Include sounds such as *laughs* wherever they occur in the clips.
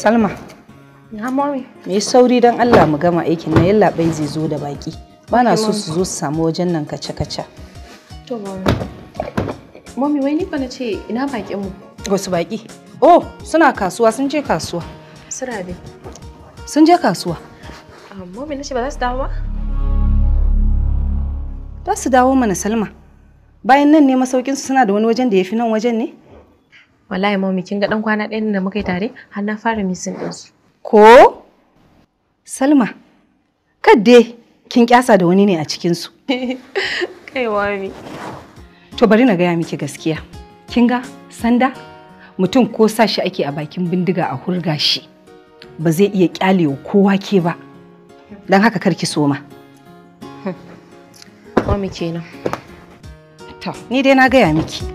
Salma. Na mami. Me yi sauri don Allah mu gama aikin na yallaɓai zai zo da baki. Bana so su zo su samu wajen nan kace-kace. To mami. Mami wai ni fa na ce ina bakin mu. Wasu baki. Oh, suna kasuwa sun je kasuwa. Sura dai. Sun je kasuwa. Ah, mami na ce ba za su dawo ba? Za su dawo mana Salma. Bayan nan ne masaukinsu suna da wani wajen da ya fi nan wajen ne? wallahi mami kin ga dan kwana ɗayan da muka yi tare har na fara misin din su ko salma kadde kin kyasa da wani ne a cikin su *laughs* kai wami to bari na gaya miki gaskiya kin ga sanda mutum ko sa shi ake a bakin bindiga a hurga shi ba zai iya kyale kowa ke ba Dan haka karki soma mami kenan to ni dai na gaya miki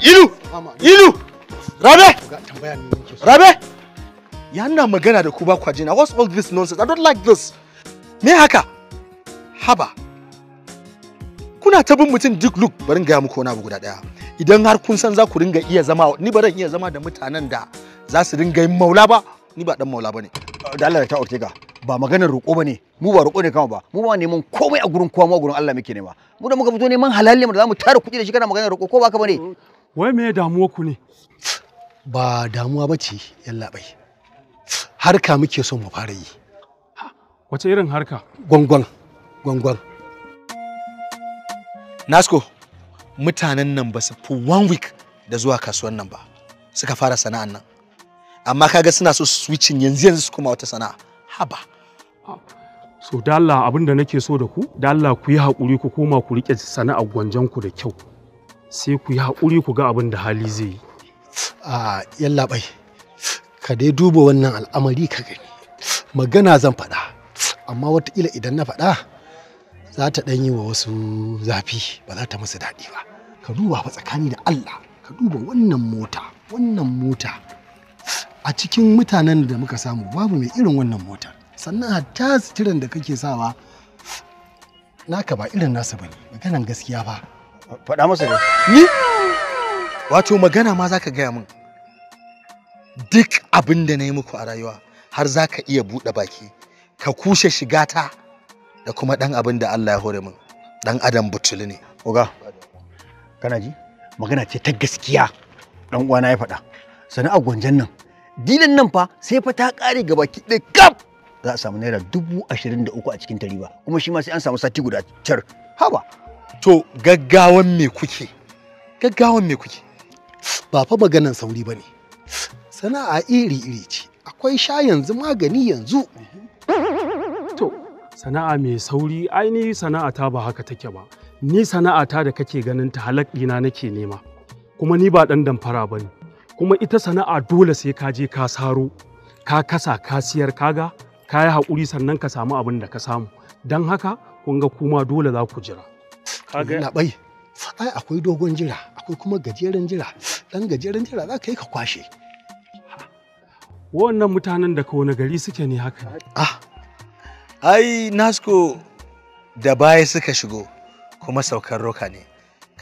ilu ilu rabe rabe ya na magana da ku ba kwa jina what's all this nonsense i don't like this me haka haba kuna ta bin mutum duk look bari gaya muku wani abu guda daya idan har kun san za ku ringa iya zama ni ba iya zama da mutanen da za su ringa yin maula ba ni ba dan maula bane da Allah ta ortega ba maganar roƙo bane mu ba roƙo ne kama ba mu ba neman komai a gurin kowa mu gurin Allah muke nema mu da muka fito neman halal ne da mu tara kuɗi da shi kana maganar roƙo ko ba ka bane wai me damuwa ku ne ba damuwa ba ce yallaɓai harka muke so mu fara yi wace irin harka gwangwan gwangwan nasko mutanen nan ba su fi one week da zuwa kasuwan nan ba suka fara sana'an nan amma kaga suna so switching yanzu yanzu su kuma wata sana'a haba so dalla abin da nake so da ku dalla ku yi haƙuri ku koma ku riƙe sana'ar gwanjan ku da kyau sai ku yi haƙuri ku ga abin da hali zai yi. A yallaɓai, ka dai duba wannan al'amari ka gani. Magana zan faɗa, amma wataƙila idan na faɗa za ta ɗan yi wa wasu zafi ba za ta musu daɗi ba. Ka duba fa tsakani da Allah, ka duba wannan mota, wannan mota. A cikin mutanen da muka samu babu mai irin wannan motar. Sannan hatta sitiran da kake sawa naka ba irin nasa bane maganan gaskiya ba. faɗa masa da ni wato magana ma zaka gaya mun. duk abin da na yi muku a rayuwa har zaka iya buɗe baki ka kushe shigata da kuma ɗan abin da Allah ya hore mun. ɗan adam butulu ne oga kana ji magana ce ta gaskiya ɗan uwana ya faɗa a gwanjan nan Dinan nan fa sai fa ta ƙare ga baki kaf za a samu naira dubu ashirin da uku a cikin tari ba kuma shi ma sai an samu sati guda tar haba to gaggawan me kuke gaggawan me kuke ba fa maganan sauri ba ne sana'a iri-iri ce akwai sha yanzu magani yanzu to sana'a mai sauri aini sana'a ta ba haka take ba ni sana'a ta da kake ganin ta halakina nake nema kuma ni ba dan damfara ba ne kuma ita sana'a dole sai ka je ka saro ka kasa ka siyar kaga ka yi haƙuri sannan ka samu abin da ka samu don haka kun ga kuma dole za ku jira bai ai akwai dogon jira akwai kuma gajeren jira dan gajeren jira za ka yi ka kwashe wannan mutanen da wani gari suke ne haka ah ai nasko da baya suka shigo kuma saukar roka ne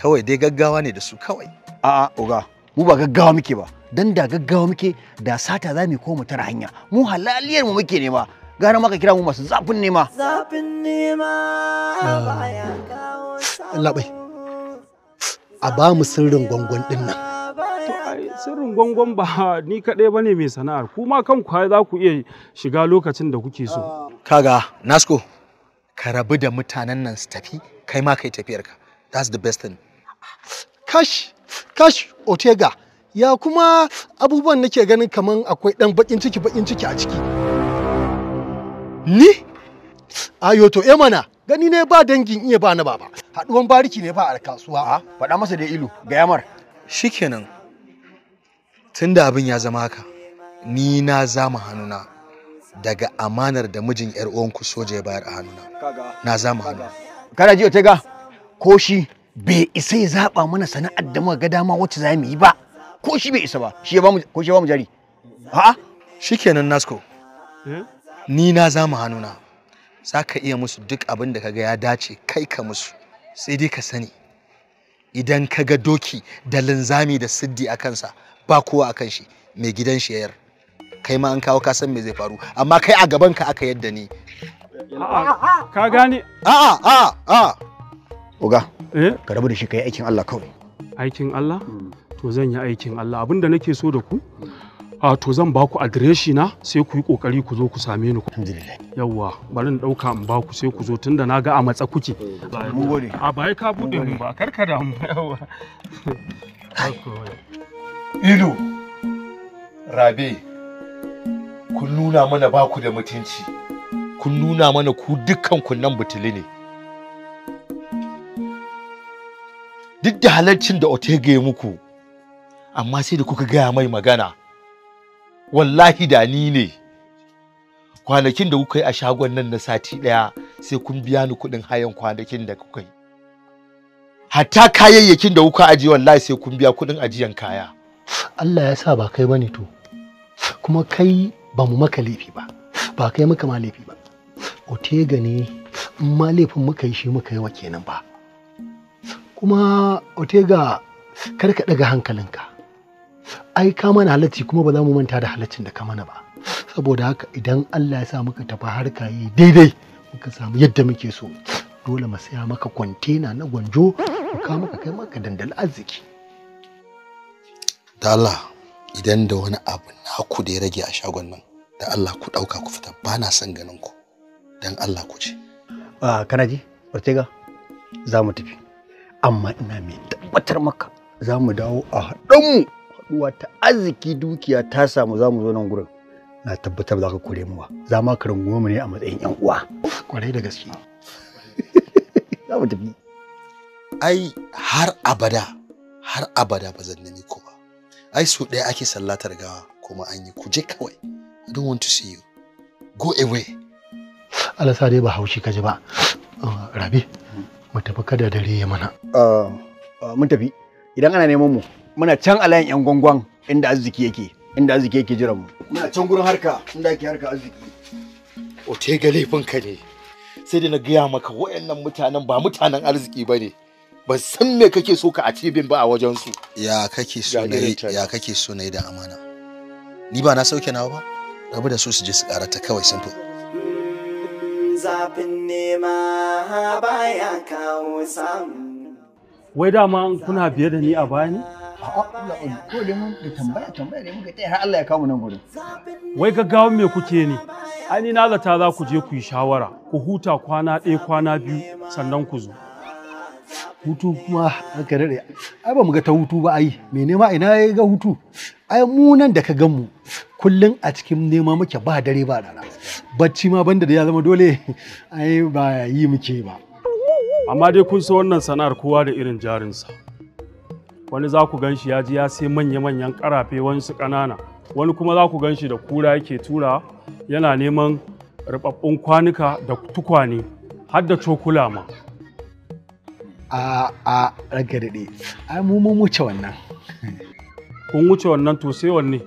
kawai dai gaggawa ne da su kawai a'a uga mu ba gaggawa muke ba dan da gaggawa muke da sata za mu koma tara hanya mu halaliyar mu muke nema gara maka kira mu masu zafin nema zafin nema ah. kawo a ba mu sirrin gwangon din nan sirrin gwangon ba ni kaɗai ba ne mai sana'ar kuma kan ku za ku iya shiga lokacin da kuke so ah. kaga nasko ka rabu da mutanen nan su tafi kai ma kai tafiyarka that's the best thing kash kash otega ya kuma abubuwan nake ganin kaman akwai ɗan baƙin ciki baƙin ciki a ciki Ni? Ayo to e mana gani ne ba dangin iya ba na baba. Haɗuwan bariki ne ba a kasuwa. Faɗa masa da ilu ga yamar. Shikenan. Tunda abin ya zama haka, ni na zama hannuna daga amanar da mijin yar uwanku soja ya bayar a hannuna. Na zama hannuna. Kana ji ta ga ko shi bai isa ya zaba mana sana'ar da muka ga dama wacce za mu yi ba. Ko shi bai isa ba, shi ya ba mu ko shi ya ba mu jari. A'a. Shikenan Nasko. Eh? ni na za mu hannuna za ka iya musu duk abin da kaga ya dace kai ka musu sai dai ka sani idan ka ga doki da linzami da siddi a kansa ba kowa a kan shi mai gidan shi kai ma an kawo ka san me zai faru amma kai a gaban ka aka yadda ni a'a ka gane a'a a'a a'a uga eh? ka rabu da shi kai aikin Allah kawai aikin Allah to zan yi aikin Allah abinda nake so da ku a to zan baku adireshi na sai ku yi kokari ku zo ku same ni ku. yawwa bari in dauka in baku sai ku zo tunda na ga a matsa kuke a bai ka bude ba karka da mu ido rabe kun nuna mana baku da mutunci kun nuna mana ku dukkan nan butuli ne duk da halarcin da otege muku amma sai da kuka gaya mai magana wallahi da ni ne kwanakin da kuka yi a shagon nan na sati ɗaya sai kun biya ni kuɗin hayan kwanakin da kuka yi hatta kayayyakin da kuka ajiye wallahi sai kun biya kuɗin ajiyan kaya Allah ya sa ba kai bane to kuma kai ba mu maka laifi ba ba kai muka ma laifi ba otega ne in ma laifin muka yi shi muka yi wa kenan ba kuma otega kar ka daga hankalinka ai ka mana halacci kuma ba za mu manta da halaccin da ka mana ba saboda haka idan Allah ya sa muka tafi harka yi daidai muka samu yadda muke so dole mu saya maka kwantena na gwanjo mu ka maka kai maka dandal arziki da Allah idan da wani abu naku da ya rage a shagon nan da Allah ku ɗauka ku fita ba na son ganin ku dan Allah ku ce. Ah, kana ji Ortega za mu tafi amma ina mai tabbatar maka za mu dawo a mu. wata ta arziki dukiya ta samu za mu zo nan gurin na tabbatar za ka kore mu ba za ma ka rungume mu ne a matsayin yan uwa kwarai da gaske *laughs* za mu tafi ai har abada har abada ba zan nemi ko ba ai su ɗaya ake sallatar gawa kuma an yi kuje kawai i don't want to see you go away alasa dai ba haushi kaji ba uh, rabi mu tafi kada dare ya mana ah, ah, mun tafi idan ana neman mu muna can a layin yan gwangwan inda arziki yake inda arziki yake jira mu muna can gurin harka inda ake harka arziki o te ga laifin ka ne sai dai na gaya maka wayannan mutanen ba mutanen arziki ba ne ban san me kake so ka acibin ba a wajen su ya kake so ne ya kake so ne da amana ni ba na sauke nawa ba rabu da su su je su karata kawai sun fi zafin nema baya kawo samu wai dama kuna biye da ni a baya ko ne gaggawan me kuke ne ani na zata za ku je ku yi shawara ku huta kwana ɗaya kwana biyu sannan ku zo hutu kuma aka dare ai ba mu ga ta hutu ba ai me nema ina ya ga hutu ai mu nan da ka gan mu kullun a cikin nema muke ba dare ba rana bacci ma banda da ya zama dole ai ba yi muke ba amma dai kun san wannan sana'ar kowa da irin jarinsa wani za ku gan shi ya ji ya sai manya-manyan karafe wani su ƙanana wani kuma za ku gan shi da kura yake tura yana neman rubabbun kwanuka da tukwane har da cokula ma a a ranka daɗe ai mu mun wuce wannan kun wuce wannan to sai wanne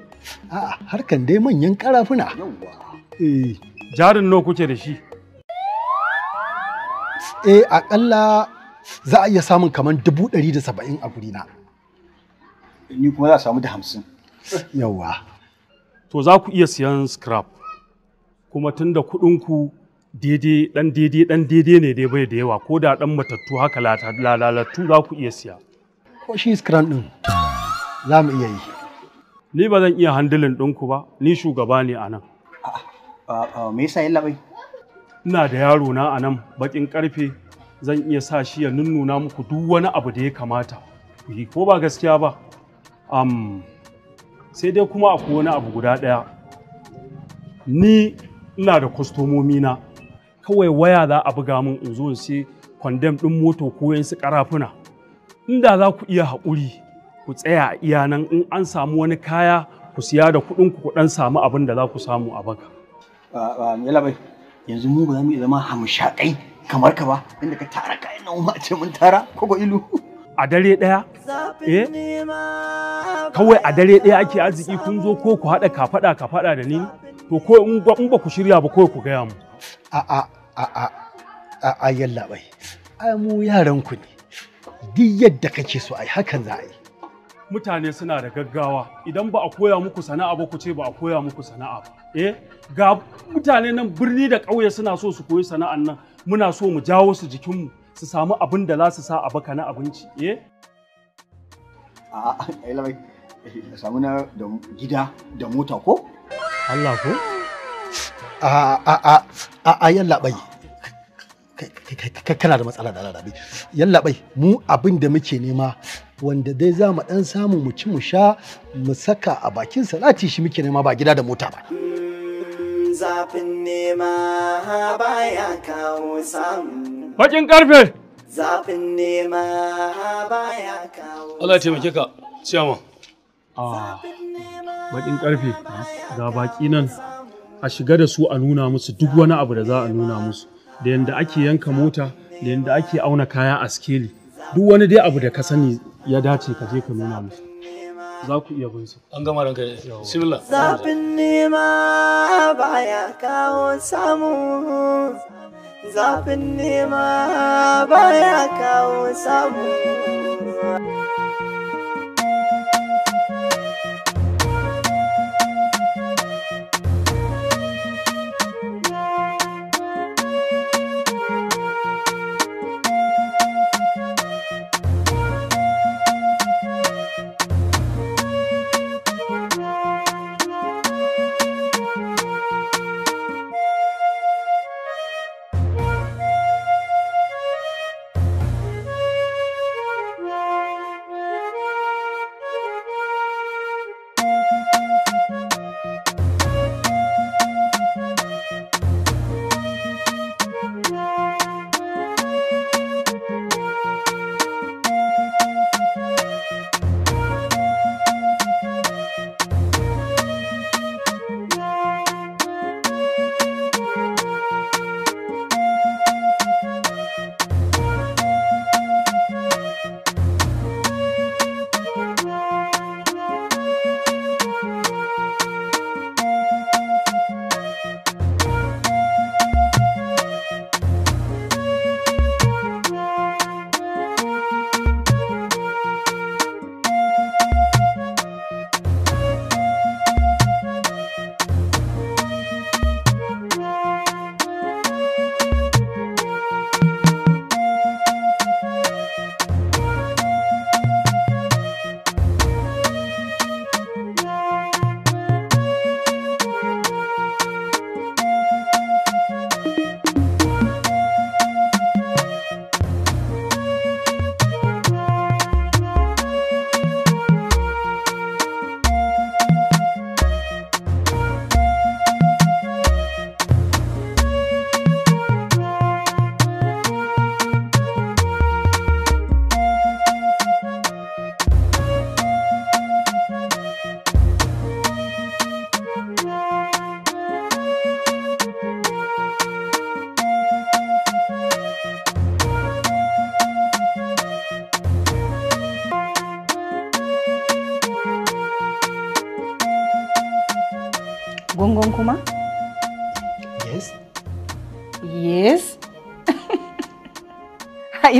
a harkan dai manyan karafuna eh. jarin nawa kuke da shi eh akalla za a iya samun kamar dubu ɗari da saba'in a gurina. na ni kuma za a samu da hamsin yawa to za ku iya siyan scrap kuma tun da kuɗinku daidai ɗan daidai ɗan daidai ne dai bai da yawa ko da ɗan matattu haka lalatu za ku iya siya ko shi scrap ɗin za mu iya yi ni ba zan iya handilin ɗinku ba ni shugaba ne a nan me yasa yin labai ina da yaro na a nan baƙin ƙarfe zan iya sa shi ya nunnuna muku duk wani abu da ya kamata ko ba gaskiya ba um, sai dai kuma akwai wani abu guda ɗaya ni ina da kwastomomi na kawai waya za a buga min in zo in sai kwandam ɗin moto ko su ƙarafuna inda za ku iya haƙuri ku tsaya a iya nan in an samu wani kaya ku siya da kuɗin ku ɗan samu abin da za ku samu a baka. yanzu mu ba za mu iya zama hamshaƙai kamar ka ba inda ka tara kayan nan mace mun tara ko ilu. A dare ɗaya E? kawai a dare ɗaya ake arziki kun zo ko ku haɗa ka faɗa ka faɗa da ni to ko in ba ku shirya ba ko ku gaya mu a a a a a a yalla bai ai mu yaran ku ne duk yadda kake so ai hakan za a yi mutane suna da gaggawa idan ba a koya muku sana'a ba ku ce ba a koya muku sana'a ba eh ga mutane nan birni da ƙauye suna so su koyi sana'an nan muna so mu jawo su jikinmu su samu abin da za su sa a baka na abinci eh A'a, A eh, samu na gida da mota ko? Allah ko? A a a a a Kana da matsala da larabi. Yalla mu abin da muke nema wanda dai za mu ɗan samu mu ci mu sha mu saka a bakin salati shi muke nema ba gida da mota ba. Zafin nema baya kawo samu. Bakin karfe! zafin nema baya kawo Allah taimake ka ciyaman a bakin karfe ga baki nan a shiga da su a nuna musu duk wani abu da za a nuna musu da yanda ake yanka mota da yanda ake auna kaya a skeli duk wani dai abu da ka sani ya dace ka je ka nuna musu za ku iya bin su an gama ranka bismillah zafin nema baya kawo samu zafin nema baya kawo samu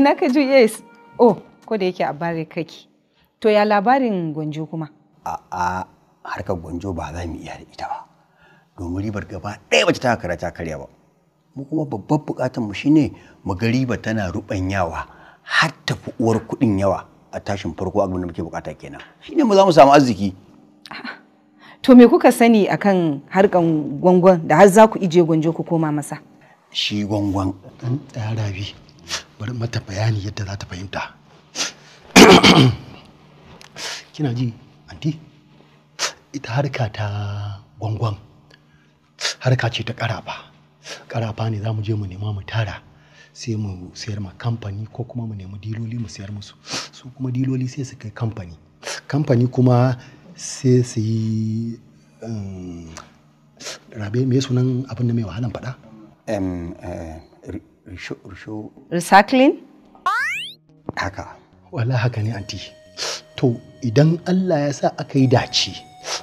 ina ka ji yes oh, ko da yake a bare kake to ya labarin gwanjo kuma a'a harkar gwanjo ba za mu iya da ita ba domin ribar gaba ɗaya bata ta kara ta karya ba mu kuma babbar bukatar mu shine mu ga riba tana rubanyawa har ta fuwar uwar kuɗin yawa a tashin farko abin da muke bukata kenan shine mu za mu samu arziki to me kuka sani akan harkan gwangwan da har za ku ije gwanjo ku koma masa shi gwangwan ɗan ɗarabi bari mata bayani yadda za ta fahimta kina ji anti ita harka ta gwangwan harka ce ta karafa karafa ne za mu je mu nema mu tara sai mu sayar ma kamfani ko kuma mu nemi diloli mu sayar musu su kuma diloli sai su kai kamfani kamfani kuma sai su yi um, rabe me sunan abin da mai wahalan fada risho recycling haka wala haka ne anti to idan Allah ya sa aka yi dace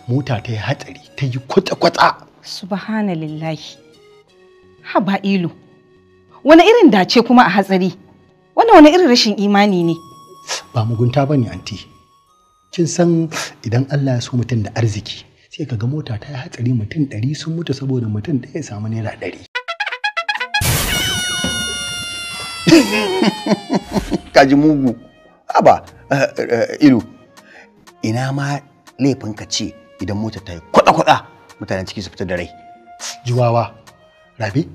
mota ta yi hatsari ta yi kwata-kwata subhanallahi haba ilu wani irin dace kuma a hatsari wani wani irin rashin imani ne ba mugunta ba ne anti kin san idan Allah ya so mutum da arziki sai ka ga mota ta yi hatsari mutum ɗari sun mutu saboda mutum ɗaya ya samu naira ɗari *laughs* kaji mugu haba eh, eh, ilu ina ma laifin ka ce idan mota ta yi kwada-kwada mutanen ciki su fita da rai juwawa rabi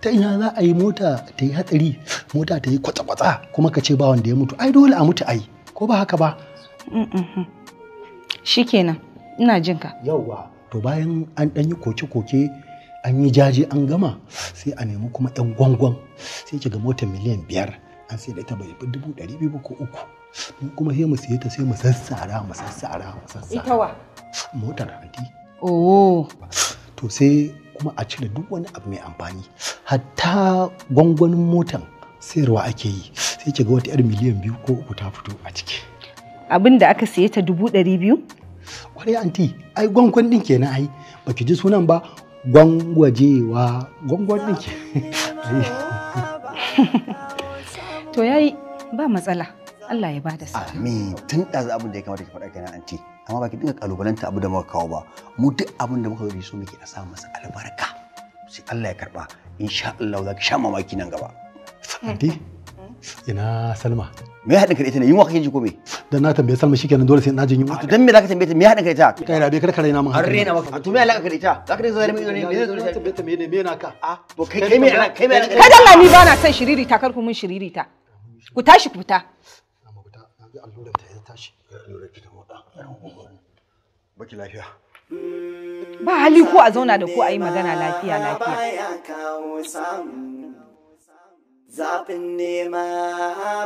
ta ina za a yi mota ta yi hatsari mota ta yi kwata-kwata kuma ka ce ba wanda ya mutu ai dole a mutu ai ko ba haka ba shikenan ina jinka yauwa to bayan an ɗan yi koke-koke an yi jaji an gama sai a nemi kuma yan gwangwan sai ki ga mota miliyan biyar an sai da ita bai fi dubu ɗari biyu ko uku mu kuma sai mu siye ta sai mu sassara mu sassara mu sassara ita wa motar hanti oh to sai kuma a cire duk wani abu mai amfani hatta gwangwanin motan sayarwa ake yi sai ki ga wata yar miliyan biyu ko uku ta fito a ciki abin da aka siye ta dubu ɗari biyu kwarai anti ai gwangwan din kenan ai baki ji sunan ba gwangwajewa gwangwan ke *laughs* to yi ba matsala Allah ya da sa amin tun da za abin da ya kamata ki faɗa kenan anti amma baki dinga kalubalanta abu da muka kawo ba mu duk abin da muka yi so muke a sa masa albarka sai Allah ya karba insha Allah za ki sha mamaki nan gaba anti ina Salma me ya haɗin ka ita ne yunwa kake ji ko me dan na tambaye Salma shikenan dole sai na jin yunwa to dan me zaka tambaye ta me ya haɗin ka ita kai rabe kar ka raina mun har raina maka to me alaka ka ita zaka dinga mun ne me zai tambaye ta me ne me na ka a ah, to kai kai me kai me kada Allah ni ba na son shiririta kar ku mun shiriri ta ku tashi ku fita na amma fita na ji allura ta ya tashi allura ki ta moda baki lafiya ba hali ko a zauna da ku a yi magana lafiya lafiya zafin nema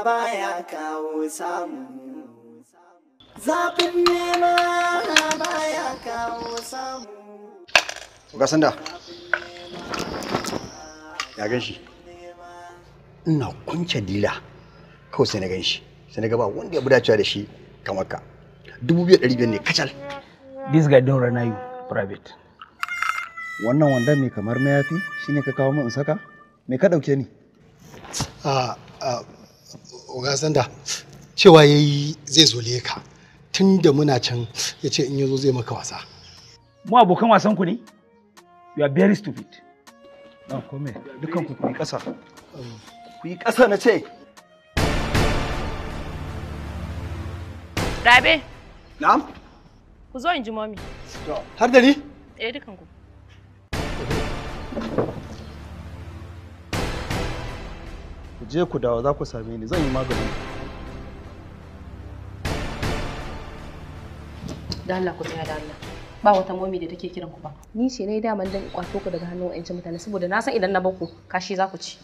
baya kawo samu zafin nema baya kawo samu ga sanda ya gan shi ina kunce dila kawai sai na gan shi sai na gaba wanda ya bi dacewa da shi kamar ka dubu biyar ɗari biyar ne kacal this guy don run you private wannan wanda mai kamar mayafi shine ka kawo min in saka me ka ɗauke ni a ogasanda cewa ya yi zai zole ka tun da muna can ya ce in yazo zai maka wasa mu abokan wasan ku ne you are very stupid na kome dukkan ku yi ƙasa ku yi ƙasa na ce Rabe. Na'am. Ku zo in ji mami. Har da ni? Eh dukan ku. ku je ku dawa za ku same ni zan yi maganin da Allah ku tsaya da Allah ba wata momi da take kiran ku ba ni ce ne daman dan kwato ku daga hannun ƴancin mutane saboda na san idan na bar ku kashi za ku ci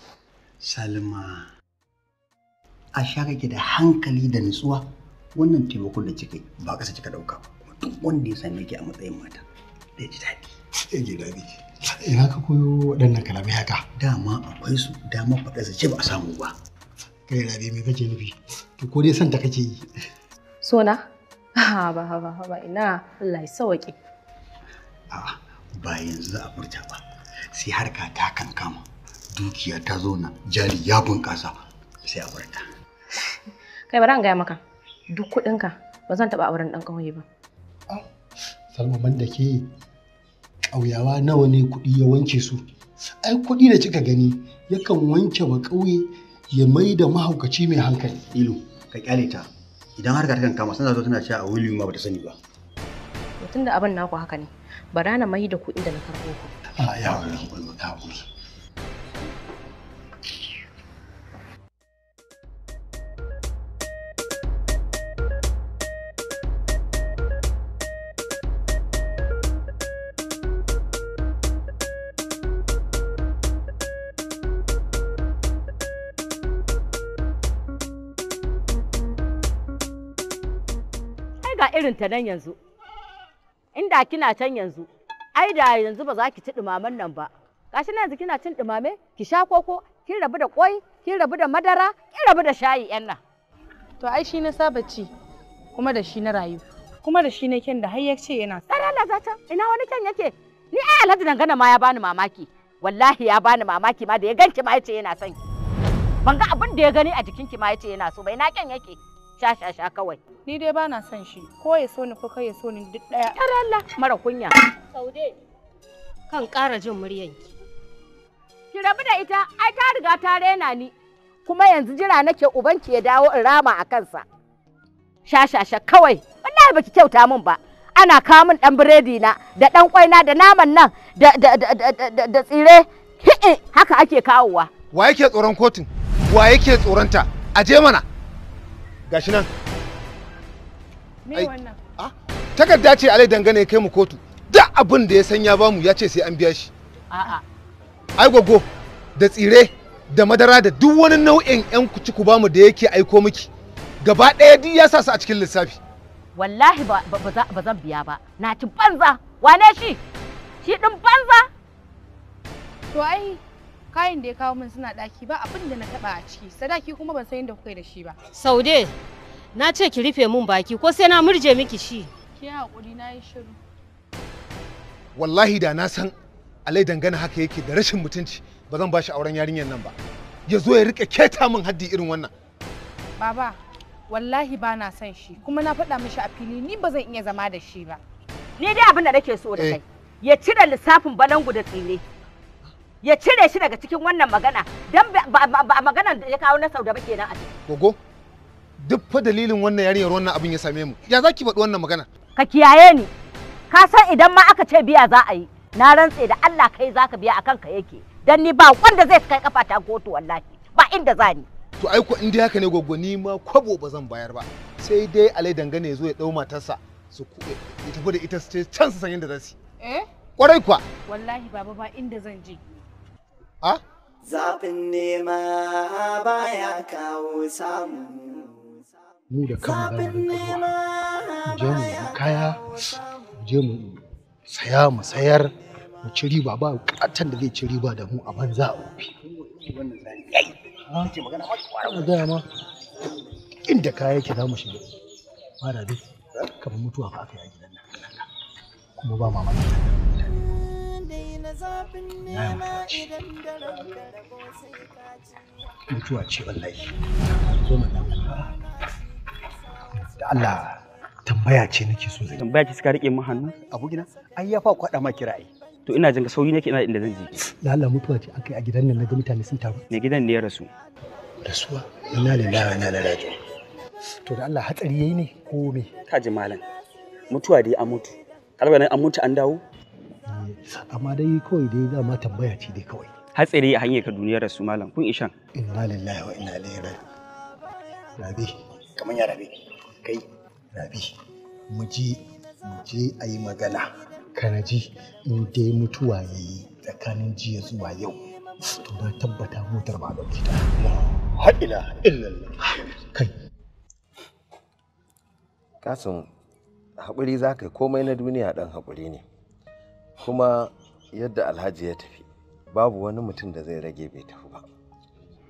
Salma a shaka ki da hankali da nutsuwa wannan taimakon da kika ba kasa kika dauka ba duk wanda ya same ki a matsayin mata da ji daɗi ya ji daɗi Ina ka koyo waɗannan kalamai haka? Dama akwai su dama faɗa zace ba a samu ba. Kai rabe me kake nufi? To ko dai santa kake yi? Sona? ba ha ba ina Allah ya sauke A'a ba yanzu za a furta ba. Sai harka ta kankama. Dukiya ta zauna jari ya bunƙasa sai a furta. Kai bari an gaya maka duk kuɗinka ba zan taɓa auren ɗan ƙauye ba. Salma ban da ke ƙauyawa nawa ne kuɗi ya wanke su ai kuɗi da kika gani yakan wanke wa ƙauye ya mai da mahaukaci mai hankali ilu ka kyale ta idan har kan kama sanar zo tana cewa a wili ma bata sani ba mutum da abin naku haka ne bara na mai da kuɗi da na karɓo ku a ya wuri ya wuri ga irin ta nan yanzu inda kina can yanzu ai da yanzu ba za ki ci dumaman nan ba gashi nan yanzu kina cin dumame ki sha koko kin rabu da koi kin rabu da madara kin rabu da shayi yan nan to ai shi na saba ci kuma da shi na rayu kuma da shi na ken da har ya ce yana tsara Allah zata ina wani ken yake ni ai Alhaji dangana ma ya bani mamaki wallahi ya bani mamaki ma da ya ganki ma ya ce yana son ki ban ga abin da ya gani a jikinki ma ya ce yana so bai na ken yake sha sha sha kawai ni dai ba na son shi ko ya so ni ko kai ya so ni duk daya yar Allah mara kunya saude kan ƙara jin muryanki ki rabu da ita ai ta riga ta rena ni kuma yanzu jira nake ubanki ya dawo in rama a kansa sha sha sha kawai wallahi baki kyauta min ba ana kawo min dan biredi na da dan kwaina da naman nan da da da da tsire haka ake kawowa wa yake tsoron kotun wa yake tsoronta aje mana gashi nan me wannan ah takarda ce alai dangane kai mu kotu da abin da ya sanya ba bamu ya ce sai an biya shi a'a ai gogo da tsire da madara da duk wani nau'in yan kuci ku bamu da yake aiko miki gaba ɗaya duk ya sa su a cikin lissafi wallahi ba zan biya ba na ci banza wane shi shi din banza to ai kayan da ya kawo min suna daki ba abin da na taba a ciki sadaki kuma ban san yadda kuka da shi ba saude na ce ki rufe min baki ko sai na murje miki shi ki hakuri na yi shiru wallahi da na san alai dangana haka yake da rashin mutunci ba zan ba auren yarinyar nan ba ya zo ya rike keta min haddi irin wannan baba wallahi ba na son shi kuma na faɗa mishi a fili ni ba zan iya zama da shi ba ni dai abin da nake so da eh. kai ya cire lissafin balangu da tsire ya cire shi daga cikin wannan magana don ba a maganan da ya kawo na da ba kenan a ciki. Gogo, duk fa dalilin wannan yarinyar wannan abin ya same mu. Ya za ki faɗi wannan magana? Ka kiyaye ni. Ka san idan ma aka ce biya za a yi. Na rantse da Allah kai za ka biya akan ka yake. Dan ni ba wanda zai kai kafa ta goto wallahi. Ba inda za ni. To ai ko in dai haka ne gogo ni ma kwabo ba zan bayar ba. Sai dai alai dangane ya zo ya dau matarsa su ya tafi da ita ce can su san yadda za su yi. Eh? Kwarai kuwa. Wallahi baba ba inda zan je. Ha? Zafin nema ba ya kawo samu mu da kama da mu nema je mu kaya je mu saya mu sayar mu ci riba ba katan da zai ci riba da mu a banza a ofi wannan ma inda kaya yake za mu shiga mara dai kamar mutuwa ba aka yi a gidan nan kuma ba mamaki zafin nema idan da ranka rabo sai ka ji mutuwa ce wallahi ko madan da Allah tambaya ce nake so zai tambaya ce suka rike min hannu abu gina ai ya fa kwada ma kirai to ina jin ka sauyi nake ina inda zan je Da Allah mutuwa ce akai a gidan nan naga mutane sun taru me gidan ne ya rasu rasuwa inna lillahi wa inna ilaihi raji'un to da Allah hatsari yayi ne ko me ka ji malam mutuwa dai a mutu kalba a mutu an dawo amma dai kawai dai dama tambaya ce dai kawai hatsari a hanyar duniyar da su malam kun ishan inna lillahi wa inna ilaihi raji rabi kamar ya rabi kai rabi mu je mu ji ayi magana kana ji in dai mutuwa yayi tsakanin jiya zuwa yau to na tabbata motar ba ɗauki ta ha'ila illallah kai kasan hakuri zakai komai na duniya dan hakuri ne kuma yadda alhaji ya tafi babu wani mutum da zai rage bai tafi ba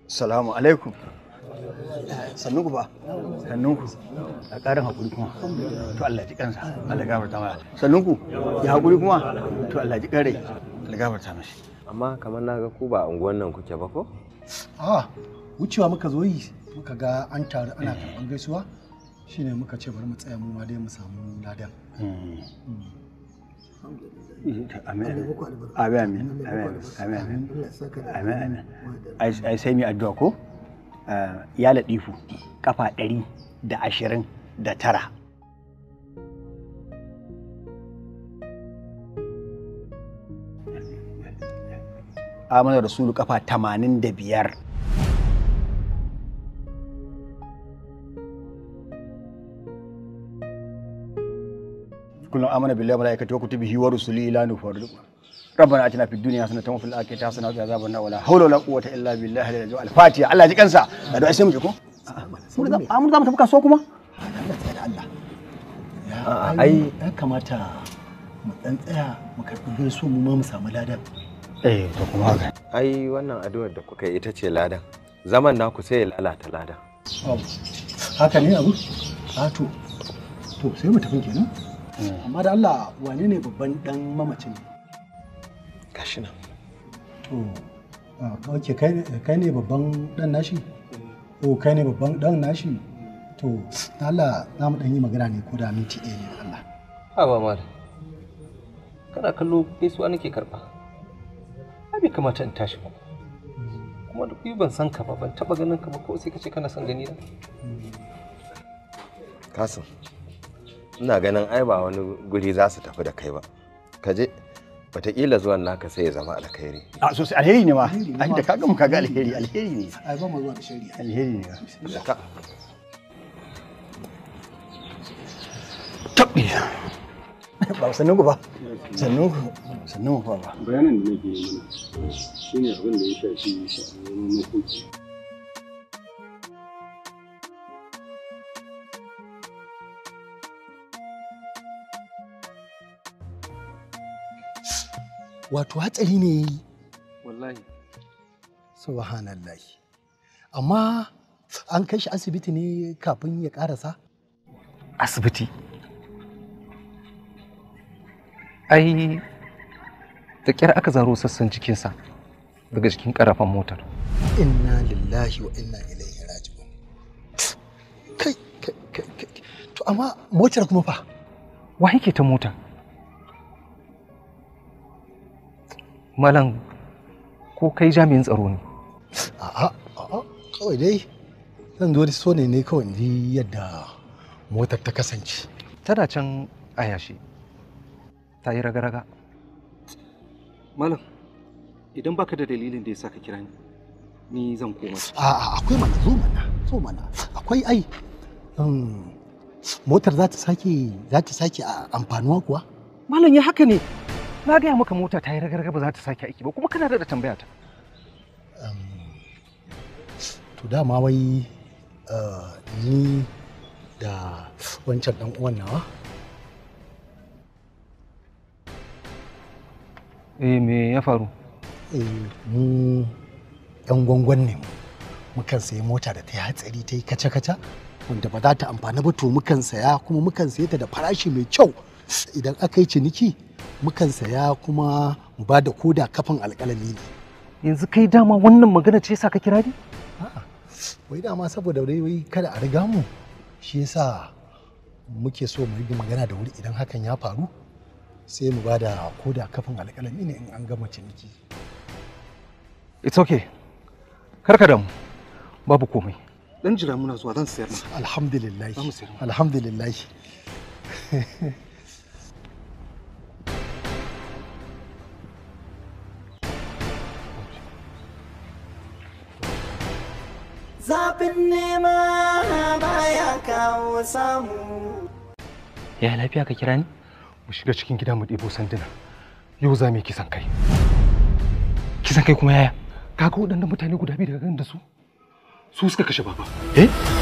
salamu alaikum sannu ku ba sannu ku a ƙarin haƙuri kuma to Allah ji kansa Allah gafarta masa sannu ku ya haƙuri kuma to Allah ji ƙare Allah gafarta mashi amma kamar na ga ku ba unguwan nan kuke ba ko a wucewa muka zo yi muka ga an taru ana karɓar gaisuwa shine muka ce bari mu tsaya mu ma dai mu samu ladan hmm. Hmm. amin ai sai mai addu'a ko ya laɗifu kafa ɗari da ashirin da tara da rasulu kafa tamanin da biyar kullum amana billahi malaikati wa kutubihi wa rusulihi la nufarriqu ربنا اتنا في الدنيا حسنه وفي الاخره حسنه وقنا عذاب النار ولا حول ولا قوه الا بالله العلي الفاتحه الله يجي da sai mu ko mun mu kuma ai ya kamata mu dan tsaya mu karbi mu ma mu samu eh, to kuma haka ai wannan addu'ar da kuka yi ita ce ladan zaman naku sai lalata ladan haka ne abu a to to sai mu tafi kenan amma da Allah wane ne babban dan mamacin gashi nan to ok kai ne babban dan nashi o kai ne babban dan mm. oh, nashi to Allah za mu dan yi magana ne ko da minti ɗaya ne Allah haba ba mal kana kallo gaisuwa nake karba bai kamata in tashi ba kuma duk ban san ka ba ban taba ganin ka ba ko sai ka ce kana son gani na mm. kasan ina ganin ai ba wani guri za su tafi da kai ba ka je wataƙila zuwan naka sai ya zama alkhairi a sosai alheri ne ma ai da kaga mu kaga alheri alheri ne ai ba mu zuwa da shari'a alheri ne ka tabbi ba sannu ku ba sannu ku ku ba bayanan da nake yi mana shine abin da ya shafi sha'anin makoki wato hatsari ne ya yi wallahi subhanallah amma an kai shi asibiti ne kafin ya karasa asibiti ai da kyar aka zaro sassan jikinsa daga cikin karafan motar inna lillahi wa inna ilaihi raji'un kai kai kai to amma motar kuma fa wa yake ta motar malam ko kai jami'in tsaro ne a'a a'a kawai dai zan zo so ne ne kawai ji yadda motar ta kasance tana can a yashi ta yi raga-raga malam idan baka da dalilin da ya saka kira ni ni zan koma a'a akwai mana zo mana zo mana akwai ai um, motar za ta sake za ta sake ah, amfanuwa kuwa malam ya haka ne na gaya maka mota ta yi ragarga ba za ta sake aiki ba kuma kana da tambaya ta to dama wai ah, ni da wancan dan uwan nawa eh me ya faru eh mu yan gwangwan ne mukan sayi mota da ta yi hatsari ta yi kaca-kaca wanda ba za ta amfana ba to mukan saya kuma mukan saye ta da farashi mai kyau idan aka yi ciniki mukan saya kuma mu ba da koda kafin alƙalami ne yanzu kai dama wannan magana ce yasa ka kira ni wai dama saboda dai wai kada a riga mu shi yasa muke so mu yi magana da wuri idan hakan ya faru sai mu ba da koda kafin alƙalami ne in an gama ciniki it's okay karka damu babu komai dan jira muna zuwa zan sayar alhamdulillah alhamdulillah *laughs* zafin nema baya kawo samu. Ya lafiya ka kira ni? Mu shiga cikin gida mu ɗebo sanduna. Yau za mu yi kisan kai. Kisan kai kuma yaya? ga waɗanda mutane guda biyu daga ganin da su? Su suka kashe baba. Eh?